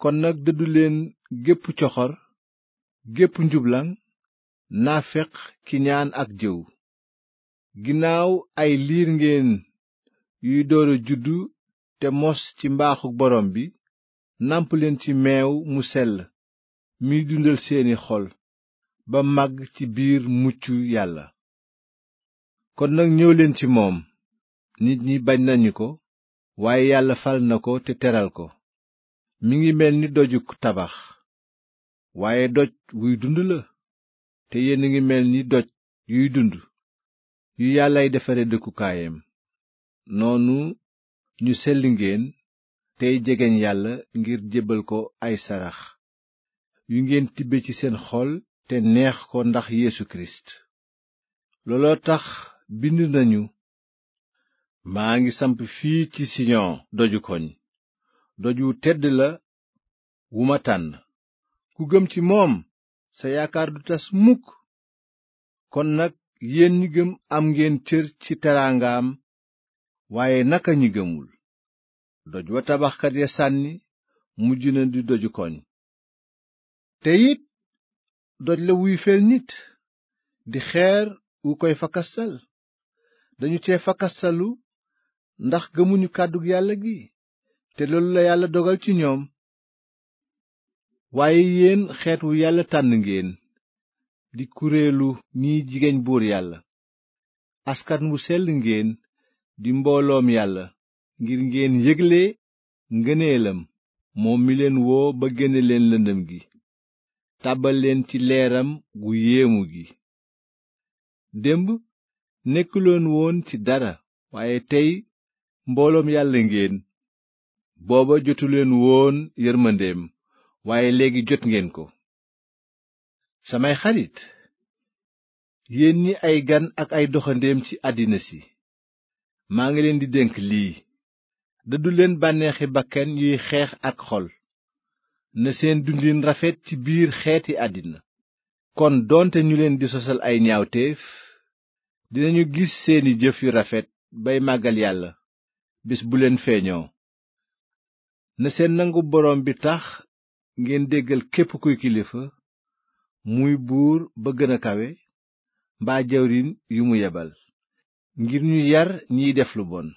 kon nag dëddu leen gépp coxor gépp njublaŋ naaféq kiñaan ak jëw ginnaaw ay liir ngeen yuy door a juddu te mos ci mbaaxu borom bi nàmp leen ci meew mu sell mi dundal seeni xol ba màgg ci biir mucc yàlla kon nag ñëwleen ci moom nit ñi bañ nañu ko waaye yàlla fal na ko te teral ko mi ngi mel ni doju tabax waaye doj wuy dund la te yéen a ngi mel ni doj yuy dund yu yàllay defare dëkkukaayam noonu ñu selli ngeen tey jegeñ yàlla ngir jëbal ko ay sarax yu ngeen tibbe ci seen xol te neex ko ndax Yeesu Kirist looloo tax bind nañu maa ngi samp fii ci Siyon doju koñ doj wu tedd la wu ma tànn ku gëm ci moom sa yaakaar du tas mukk kon nag yéen gëm am ngeen cër ci teraangaam waaye naka ñi gëmul doj wa tabaxkat ya sànni mu na di doju koñ te doj la wuy fel nit di xeer wu koy fakastal dañu cee fakastalu ndax gëmuñu kàddu yàlla gi te loolu la yàlla dogal ci ñoom waaye yéen xeet wu yàlla tànn ngeen di kuréelu ñiy jigéen buur yàlla askan wu sell ngeen di mbooloom yàlla ngir ngeen yëgle ngëneelam moom mi leen woo ba génne leen lëndëm gi tàbbal leen ci leeram gu yéemu gi démb nekkuloon woon ci dara waaye tey mbooloom yàlla ngeen booba jotuleen woon yërmandeem waaye léegi jot ngeen ko samay xarit yéen ñi ay gan ak ay doxandéem ci àddina si maa ngi leen di dénk lii dëddu leen bànneexi bakkan yuy xeex ak xol na seen dundin rafet ci biir xeeti àddina kon doonte ñu leen di sosal ay ñaawteef dinañu gis seeni jëf yu rafet bay màggal yàlla bis bu leen feeñoo na seen nangu boroom bi tax ngeen déggal képp kuy kilifa muy buur ba gën kawe mbaa jawriñ yu mu yebal ngir ñu yar ñiy def lu bon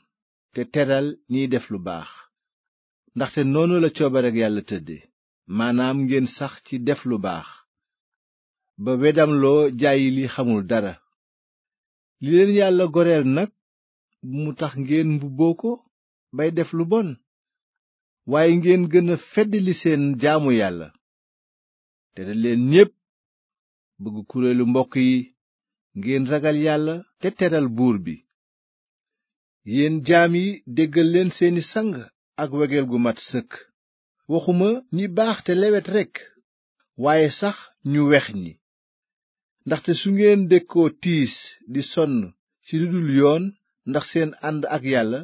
te teral ñiy def lu baax ndaxte noonu la coobareg yàlla tëdde maanaam ngeen sax ci def lu baax ba wedamloo jàyyi li xamul dara li leen yàlla goreel nag bu mu tax ngeen mbubboo ko bay def lu bon waaye ngeen gën a feddali seen jaamu yàlla tere leen ñépp bëgg kuréelu mbokk yi ngeen ragal yàlla te teral buur bi yéen jaam yi déggal leen seeni sang ak wegeel gu mat sëkk waxuma ñi baax te lewet rekk waaye sax ñu weex ñi ndaxte su ngeen dëkkoo tiis di sonn ci lu yoon ndax seen ànd ak yàlla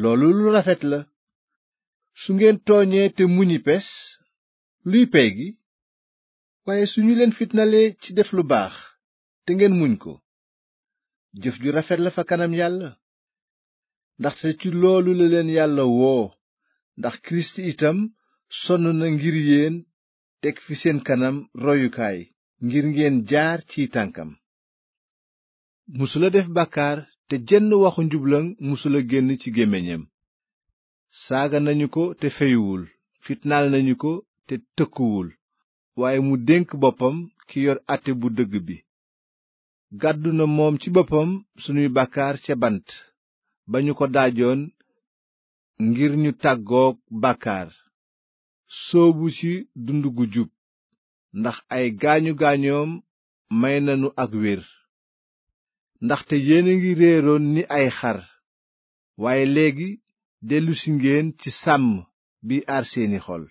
loolu lu rafet la su ngeen tooñee te muñi pes luy pey gi waaye su ñu leen fitnalee ci def lu baax te ngeen muñ ko jëf ju rafet la fa kanam yàlla ndaxte ci loolu la leen yàlla woo ndax kirist itam sonn na ngir yéen teg fi seen kanam royukaay ngir ngeen jaar ci tànkam musula def bàkkaar te jenn waxu njublaŋ musula génn ci gémmiñam saaga nañu ko te feyuwul fitnaal nañu ko te tëkkuwul waaye mu dénk boppam ki yor àtte bu dëgg bi gàddu na moom ci boppam sunuy bàkkaar ca bant ba ñu ko daajoon ngir ñu tàggook bàkkaar sóobu ci dund gu jub ndax ay gaañu gaañoom may nanu ak wér ndaxte yéen a ngi réeroon ni ay xar waaye léegi dellusi ngeen ci sàmm bi aar seeni xol